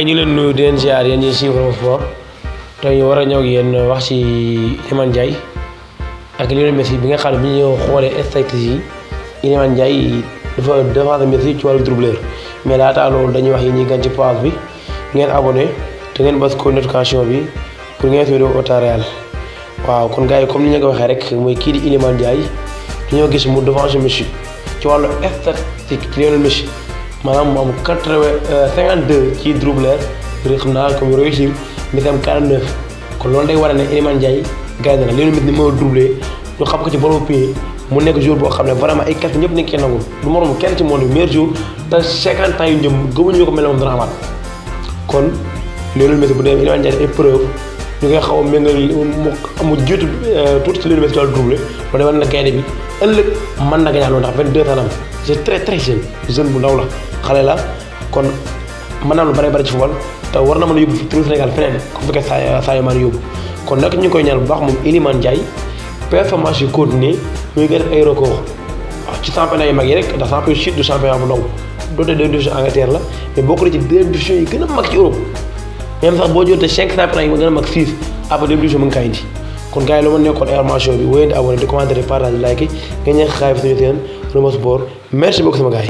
ñu ngi leen nuyu di leen ziar yéen ñi suivre war a ñëw ak yéen wax ci Iliman Ndiaye ak Lionel Messi bi nga xam ne bi ñu xoolee stratégie Iliman Ndiaye dafa défendre Messi ci wàllu dribbleur mais laata loolu dañuy wax yi ñuy gan ci page bi ngeen abonné te ngeen bës ko notification bi pour ngeen vidéo au temps waaw kon gars yi comme ni ñu ko waxee rek mooy kii di Iliman Ndiaye dañoo gis mu devance Messi ci wàllu ci Lionel Messi maanaam mu am quatre vingt cinquante deux ci dribbleur xam naa comme réussir misam 49 kon loolu day war a ne Iliman Ndiaye gagné la li ñu mit ni moo dribblé ñu xam ko ci borom pied mu nekk jour boo xam ne vraiment ay kàtt ñëpp nañ koy nangul du moroom kenn ci monde bi meilleur jour te 50 ans yu jëm gëmuñu ko mel moom dana amaat kon loolu métti bu dee Iliman Ndiaye épreuve ñu koy xaw a méngal mu mu jiitu euh, tuuti ci loolu métti daal doublé loolu na gaynde bi ëllëg mën na gagné ndax 22 ans la c'est très très jeune jeune bu ndaw la xalé la kon manam lu bari bari ci wol te war na mën a yóbbu turu Sénégal feneen ku fekkee say saa yu yóbbu kon nak ñu koy ñaan bu baax mom Iliman Jay performance yu continué muy gën ay record ci championnat yu mag yi rek da sa peu chute du championnat bu ndaw de deux division Angleterre la mais bokku ci deux divisions yi gëna mag ci Europe même sax bo jotté 5 championnat yi ma gën mag 6 après deux divisions mu ngi kay indi kon gaay yi lu ma air information bi wéyandi abonné di commenter di partager like ngeen ñeex xaay suñu seen Remo Sport merci beaucoup sama gaay